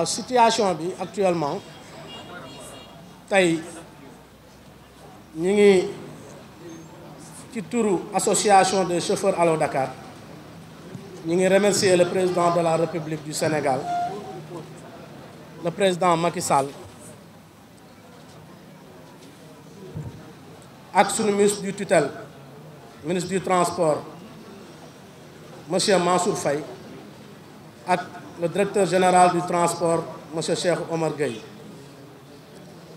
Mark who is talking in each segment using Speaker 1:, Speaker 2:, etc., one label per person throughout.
Speaker 1: a situation bi actuellement tey ñu ngi ci turu association des chauffeurs Allo Dakar ñu ngi remercier le président de la République du Sénégal le président Macky Sall ak sunu ministre du tutelle ministre du transport monsieur Mansour Faye ak. le directeur général du transport monsieur Cheikh Omar Gueye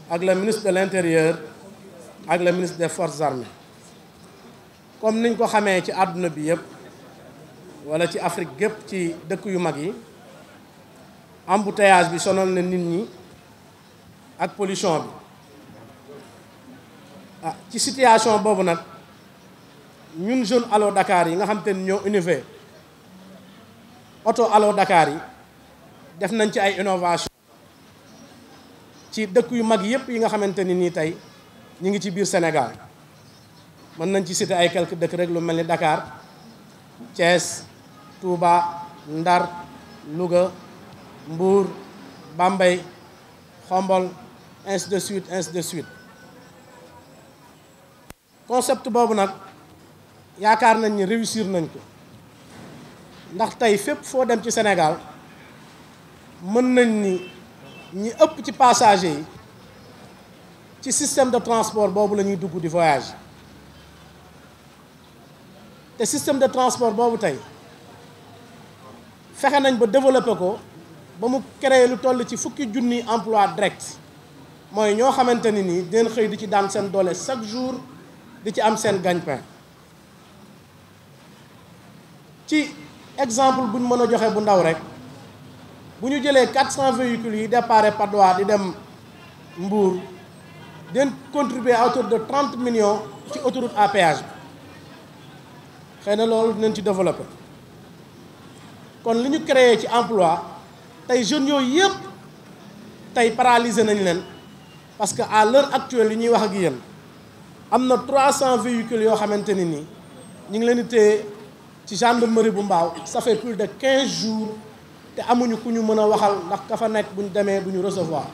Speaker 1: ak le ministre de l'intérieur ak le ministre des forces armées comme niñ ko xamee ci àdduna bi yëpp wala ci Afrique gépp ci dëkk yu mag yi embouteillage bi sonal na nit ñi ak polition bi ah ci situation boobu nag ñun jeune Allo dakaar yi nga xam te ñoo innové oto Allo Dakar yi def nañ ci ay innovation ci dëkk yu mag yépp yi nga xamante ni nii tey ñu ngi ci biir senegal mën nañ ci citer ay quelques dëkk rek lu mel ni dakaar Thiès Touba Ndar Louga Mbour Bambey Xombol ainsi de suite ainsi de suite concept boobu nag yaakaar nañ ni réussir nañ ko ndax tey fépp foo dem ci senegal mën nañ ni ñi ëpp ci passagers yi ci système de transport boobu la ñuy dugg di voyage te système de transport boobu tey fexe nañ ba développer ko ba mu créer lu toll ci fukki junni emploi direct mooy ñoo xamante ni nii dinañ xëy di ci daan seen doole chaque jour di ci am seen gagne-pain ci exemple buñ mën a joxe bu ndaw rek bu ñu jëlee quatre cent véhicules yi départ Patte d'Oie di dem Mbour den contribuer à de trente millions ci autoroute à péage bi xëy na loolu dinañ ci développer kon li ñu créé ci emploi tey jeunes yooyu yëpp tey paralysé nañ leen parce que à l'heure actuelle yi ñuy wax a yéen am na trois cent véhicules yoo xamante ni nii ñu ngi leen di téye ci gendarmerie bu Mbaaw ça plus de quinze jours te amuñu ku ñu mën a waxal ndax kafa nekk bu ñu demee du ñu recevoir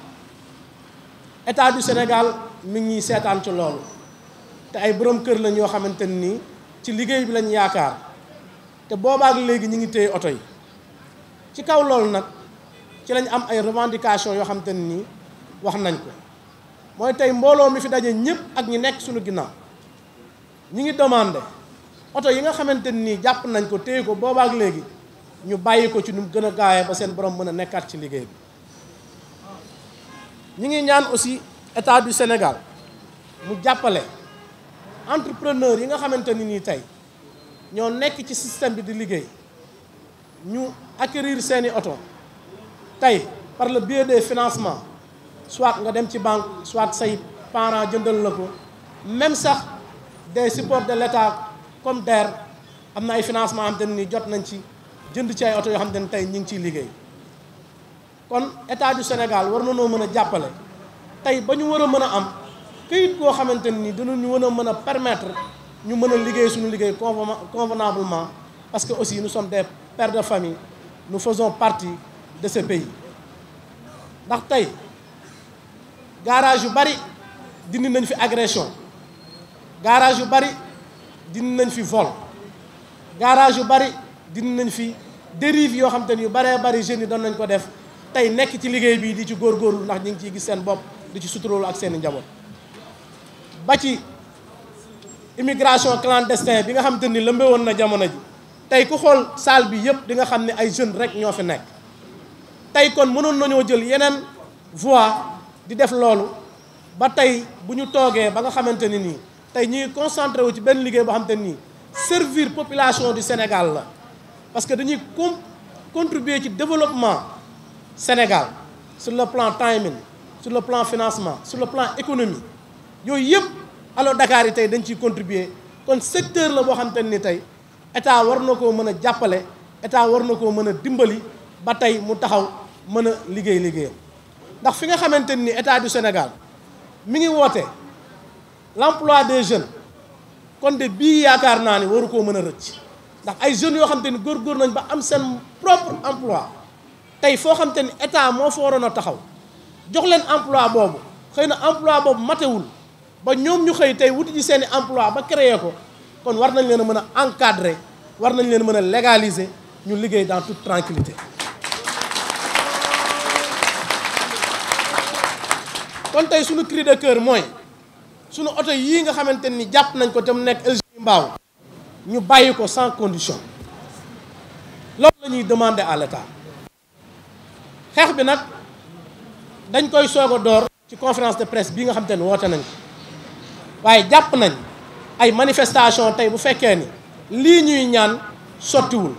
Speaker 1: état du Sénégal mi ngi seetaan ci loolu te ay borom kër lañ yoo xamante nii ci liggéey bi lañ yaakaar te boobaak léegi ñu ngi téye oto yi ci kaw loolu nag ci lañ am ay revendication yoo xamante nii wax nañ ko mooy tey mbooloo mi fi dajee ñëpp ak ñi nekk suñu ginnaaw ñi ngi demande oto yi nga xamante nii jàpp nañ ko téye ko boobaak léegi ñu bàyyi ko ci nu mu gën a gaawee ba seen borom mën a nekkaat ci liggéey bi ñu ngi ñaan aussi état du Sénégal mu jàppale entrepreneur yi nga xamante ni nii tey ñoo nekk ci système bi di liggéey ñu acquérir seeni oto tey par le biais de financement soit nga dem ci banque soit say parents jëndal la ko même sax de supports de l'État comme DER am na ay financements am te ni jot nañ ci. jënd ci ay oto yoo xam ne tey ñu ngi ciy liggéey kon état du Sénégal war na noo mën a jàppale tey ba ñu war a mën a am këyit koo xamante ni dinañu wan a mën a permettre ñu mën a liggéey suñu liggéey convenablement parce que aussi nous sommes de per de famille nous faisons partie de ce pays ndax tey garage yu bari dindi nañ fi agression garage yu bari dindi nañ fi vol garage yu bari dindi nañ fi dérive yoo xam te ni yu baree bari jeunes yi doon nañ ko def tey nekk ci liggéey bii di ci góor góorgóorlu ndax ñu ngi ciy gis seen bopp di ci suturoolu ak seen i ba ci immigration clandestin bi nga xam ni lëmbe woon na jamono ji tey ku xool salle bi yëpp di nga xam ne ay jeunes rek ñoo fi nekk tey kon mënoon nañoo jël yeneen voie di def loolu ba tey bu ñu toogee ba nga xamante ni nii tey ñu ngi concentré wu ci benn liggéey boo xam te nii servir population du Sénégal la parce que dañuy com contribuer ci développement Sénégal sur le plan timing sur le plan financement sur le plan économie yooyu yëpp alors Dakar yi tey dañ ciy contribuer kon secteur la boo xamante ni tey état war na koo mën a jàppale état war na koo mën a dimbali ba tey mu taxaw mën a liggéey liggéeyam ndax fi nga xamante ni état du Sénégal mi ngi woote l'emploi des jeunes kon de bii yaakaar naa ni waru koo mën a rëcc. ndax ay jeunes yoo xam te ni góor nañ ba am seen propre emploi tey foo xam te ni état moo fa waroon a taxaw jox leen emploi boobu xëy na emploi boobu matewul ba ñoom ñu xëy tey wuti ji seen i emploi ba créer ko kon war nañ leen a mën a encadrer war nañ leen mën a légaliser ñu liggéey dans toute tranquillité kon tey suñu cri de mooy suñu oto yii nga xamante ni jàpp nañ ko te mu nekk LG Mbao ñu bàyyi ko sans condition loolu lañuy ñuy à l'État xeex bi nag dañ koy soog door ci conférence de presse bi nga xam ni woote nañ ko waaye jàpp nañ ay manifestation tey bu fekkee ni lii ñuy ñaan sottiwul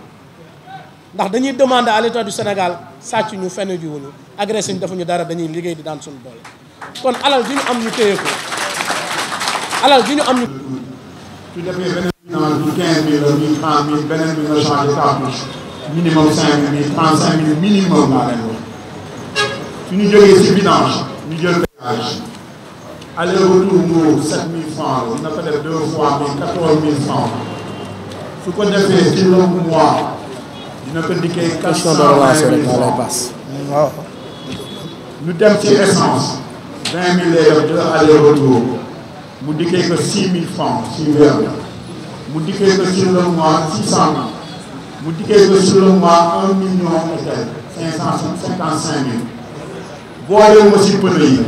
Speaker 1: ndax dañuy demander à l'État du Sénégal sàcc ñu fenn ji wuñu agressé ñu defuñu dara dañuy liggéey di daan suñu doole kon alal bi ñu am ñu téye ko alal ji ñu am ñu maanaam ci quinze mille la ñuy
Speaker 2: trente mille minimum cinq minimum laa leen wax suñu jógee ci vidange ñu jël péage aller retour Mbour sept mille francs la na ko deux fois mille quatorze su ko defee ci long mois dina ko dikkee quatre cent vingt mille francs waaw ñu dem ci essence vingt mille deux aller retour mu dikkee ko six mille francs ci weer mu dikkee ko sur le mois six cent mu dikkee ko sur le mois un million et quelques cinq cent cinquante cinq mille boole ma si pëne yi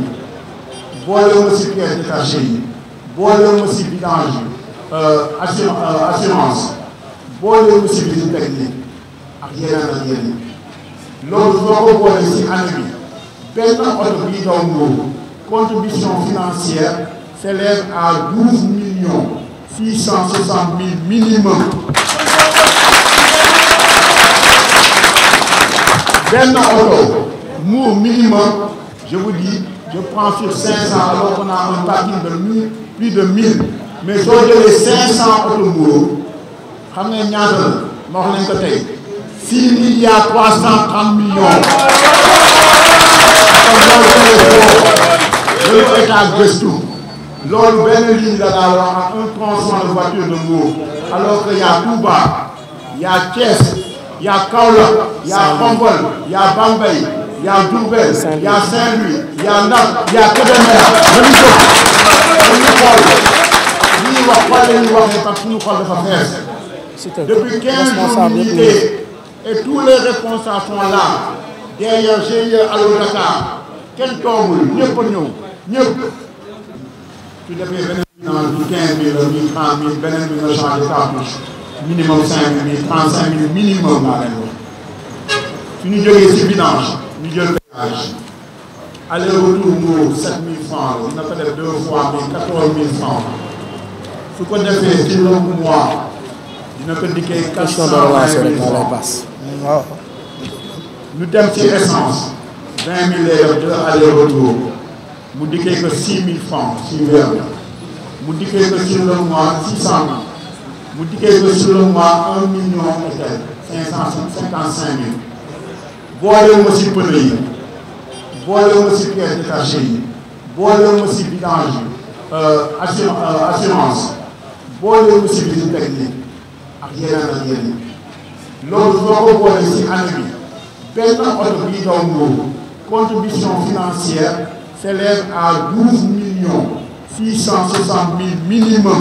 Speaker 2: boole ma si pièces détachées yi boole ma si vidange euh, euh, assurance boole ma si visite technique ak yeneen ak yeneen loolu soo ko boole si année bi benn oto bii daw loolu contribution financière s'élève à douze millions six cent soixante mille minimum benn oto mu minimum je vous je prends sur cinq cent alors qu'on a de mille plus de mille mais soo jëlee cinq cent oto Mbour xam nga ñaata la ma wax leen tey six milliards trois cent trente millions kon loolu état gëstu loolu benn ligne la daa wax ak un transport de voiture de Mbour alors que y a Touba y a Thiès y a Kaolack Bambey y a Diourbel Saint-Louis y a Ndar y a Kébémer dañu jóg dañu xool li ñuy wax xool la ñuy waxee parce que depuis quinze jours et tous les responsables sont là derrière GIE Allô Dakar kenn toogul ñëpp a ñëw ñëpp su defee beneen bi nga xam
Speaker 1: ne quinze
Speaker 2: minimum cinq mille trente cinq mille minimum laa leen wax su ñu jógee si vidange ñu jël péage aller retour boobu sept mille francs la dina ko deux fois mille quatorze mille francs su ko defee ci long mois dina ko dikkee quatre cent vingt mille ñu dem ci essence vingt mille lay def deux retour mu dikkee ko six mille francs sur mu dikkee ko sur le mois six cent mu dikkee ko sur le mois un million et quelques cinq cent cinquante cinq mille boole ma si pëne yi boole ma si pièces détachées yi boole ma si vidange euh, euh, assurance boole ma si visite technique ak yeneen ak yeneen loolu soo ko boole si année bi benn oto bii daw loolu contribution financière s'élève à 12 660 000 minimum.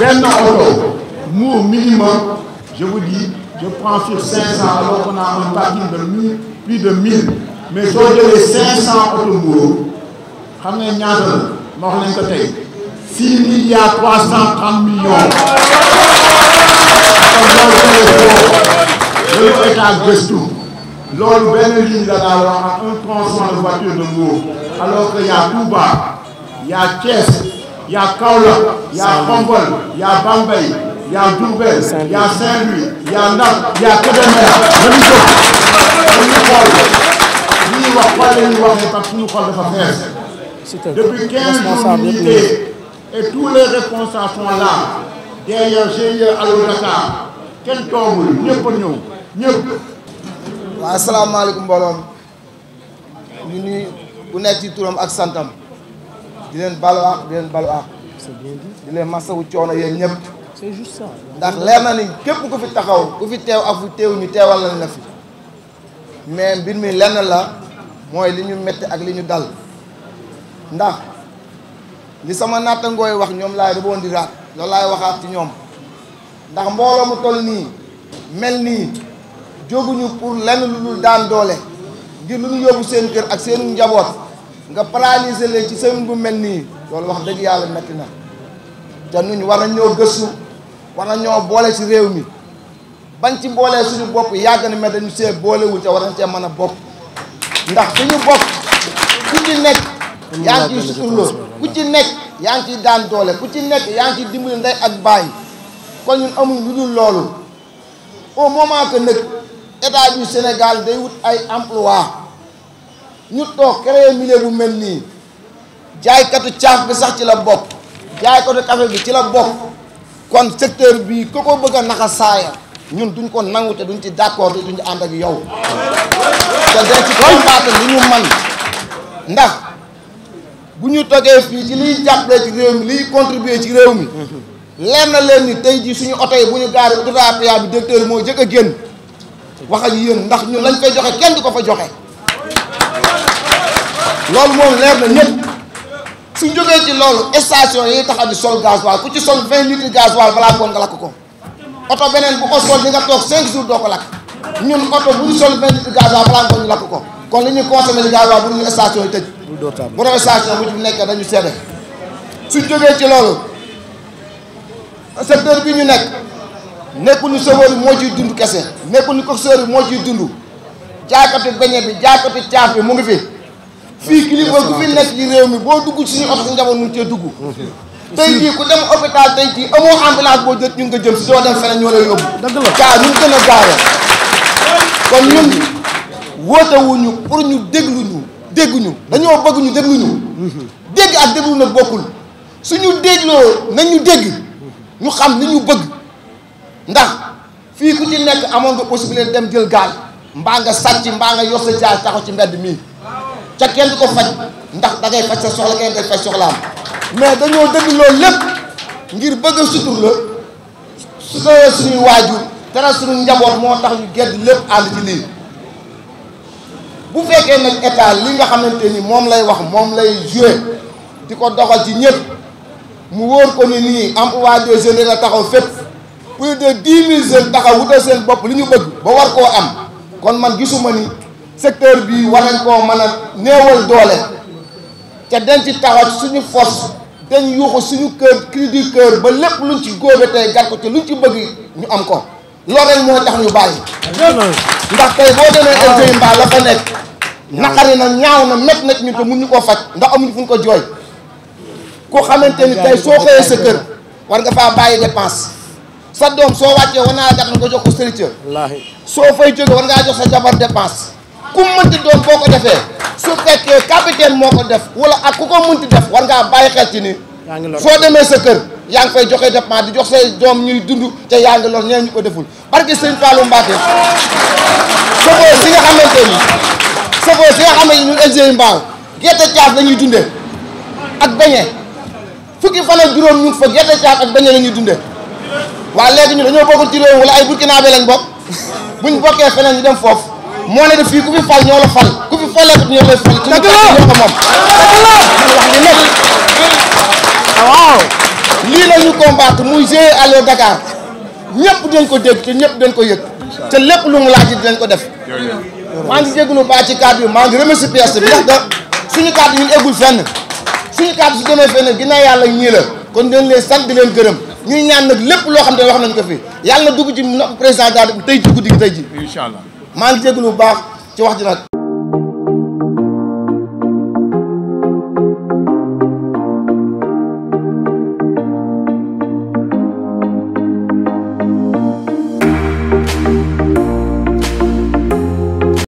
Speaker 2: benn mu minimum je vous je prends sur 500 alors qu'on a de mille plus de 1000 mais soo jëlee 500 oto mu xam nga ñaata la ma ko tey 6 milliards 330 millions. kon loolu état gëstu. loolu benn ligne la daa wax un transport de voiture de Mbour alors que y a Touba y a Thiès y a Kaolack y a Bambey y a Diourbel Saint-Louis y a Ndar y a Kébémer dañu jóg dañu xool li ñuy wax xool la ñuy waxee parce que suñu depuis quinze jours et tous les responsables
Speaker 3: sont là derrière GIE Allô Dakar kenn toogul ñëpp a ñëw waaw asalaamaaleykum mbooloom ñu nuyu bu nekk ci turam ak santam di leen balu àq di leen balu di leen masawu coono yéen ñëpp c'est ndax leer na ni képp ku fi taxaw ku fi teew ak fu teew ñu teewal lañ la fi mais mbir mi lenn la mooy li ñu metti ak li ñu dal ndax li sama nattangooy wax ñoom laay rebondiraat loolu laay waxaat ci ñoom ndax mbooloo mu toll nii mel nii jóguñu pour lenn lu dul daan doole ngir lu ñu yóbbu seen kër ak seenu njaboot nga paralyser leen ci semaine bu mel nii loolu wax dëgg yàlla metti na te nuñ war na ñoo gëstu war na ñoo boole ci réew mi bañ ci boolee suñu bopp yàgg na mais dañu see boolewul te war mën a bopp ndax suñu bopp ku ci nekk yaa ngi ciy suturloo ku ci nekk yaa ngi ciy daan doole ku ci nekk yaa ngi ciy dimbali ndey ak baay kon ñun amuñ lu dul loolu au moment que nag état du Sénégal day wut ay emploi ñu toog créer milieu bu mel nii jaaykatu caaf bi sax ci la bokk jaaykatu café bi ci la bokk kon secteur bi ko ko bëgg a naxa ñun duñ ko nangu te duñ ci d'accord te duñ ci ànd ak yow te dañ ci combattre li ñu man ndax bu ñu toggee fii ci liy jàppale ci réew mi liy contribuer ci réew mi leer na leen ni tey jii suñu oto yi bu ñu gaari autoroute à péage bi directeur moo jëkk a génn wax ak yéen ndax ñun lañ koy joxe kenn du ko fa joxe loolu moom leer na ñëpp suñ jógee ci loolu station yi taxaw di sol gasoil ku ci sol vingt litres gasoil balaa koon nga lakk ko oto beneen bu ko sol di nga toog cinq jours doo ko lakk ñun oto bu ñu sol vingt litres gasoil balaa koon ñu lakk ko kon li ñuy consommé di gasoil bu ñu station yi tëj borom station bu ci nekk dañu seede suñ jógee ci loolu secteur bi ñu nekk nekkuñu chauffeur bi moo ciy dund kese nekkuñu coxeur bi moo ciy dund jaaykatu beñe bi jaaykatu caaf bi mu ngi fi fii kilifa gu fi nekk ci réew mi boo dugg suñu oto si njaboot mu ngi cee dugg tey jii ku dem hôpital tey jii amoo ambulance boo jot ñu nga jël si soo dem feneen ñoo lay yóbbu gaa ñu gën a gaawe kon ñun woote wuñu pour ñu dégluñu dégguñu dañoo bëgg ñu dégluñu dégg ak déglu nag bokkul suñu dégloo nañu dégg ñu xam ni ñu bëgg ndax fii ku ci nekk amoon nga possibilité dem jël gaal mbaa nga sàcc mbaa nga yor sa jaay taxaw ci mbedd mii ca kenn du ko faj ndax da ngay faj sa soxla kenn day faj soxlaam mais dañoo dëgg loolu lépp ngir bëgg a sutur la su suñuy waajur dara suñu njaboot moo tax ñu gedd lépp ànd ci lii bu fekkee nag état li nga xamante ni moom lay wax moom lay joué di ko doxal ci ñëpp mu wóor ko ni nii emploi des jeunes la taxaw fépp plus de dix mille jeunes taxaw wutal seen bopp li ñu bëgg ba war koo am kon man gisuma ni secteur bi war nañ koo mën a néewal doole te dañ ci taxaw suñu fos dañ yuuxu suñu kër cri du ba lépp luñ ci góobe tey gar ko te luñ ci bëgg ñu am ko loolu rek moo tax ñu bàyyi ndax tey boo demee LG mbaa la fa nekk naqari na ñaaw na met na ñu te mun ñu koo faj ndax amuñu fu ñu ko jooy ku xamante ni tey soo xëyee sa kër war nga faa bàyyi dépense sa doom soo wàccee war naa gàtt nga jox ko sëriñ ca soo fay jóge war ngaa jox sa jabar dépense ku mënti doon boo ko defee su fekkee capitaine moo ko def wala ak ku ko mënti def war ngaa bàyyi xel ci ni soo demee sa kër yaa ngi fay joxe dépense di jox say doom ñuy dund te yaa ngi lor ñeen ñu ko deful barke sëriñ Fallou Mbacke sofeer si nga xamante ni sofeer si nga xamante ni ñun LG Mbao gerte caaf la ñuy dundee ak beñe fukki fan ak juróom ñu fa gerte la ñuy dundee waa léegi ñu dañoo bokkul ci réew wala ay burkinabé lañ bokk buñ bokkee feneen ñu dem foofu moo ne def fii ku fi fal ñoo la fal ku fi faleekut ñoo lay fal ñoo ko moom te ñëpp dañ ko yëg lépp lu mu laaj ko def maa ngi jégalu baa ci kàddu yi bi suñu kàddu ñun eggul fenn suñu kàddu su demee fenn ginnaaw yàlla ñii la kon dañ leen sant di leen gërëm ñuy ñaan nag lépp loo xam ne wax nañ ko fii yàlla dugg ci président daal tey ci guddi gi tey ji incha allah maa ngi jégalu bu baax ci wax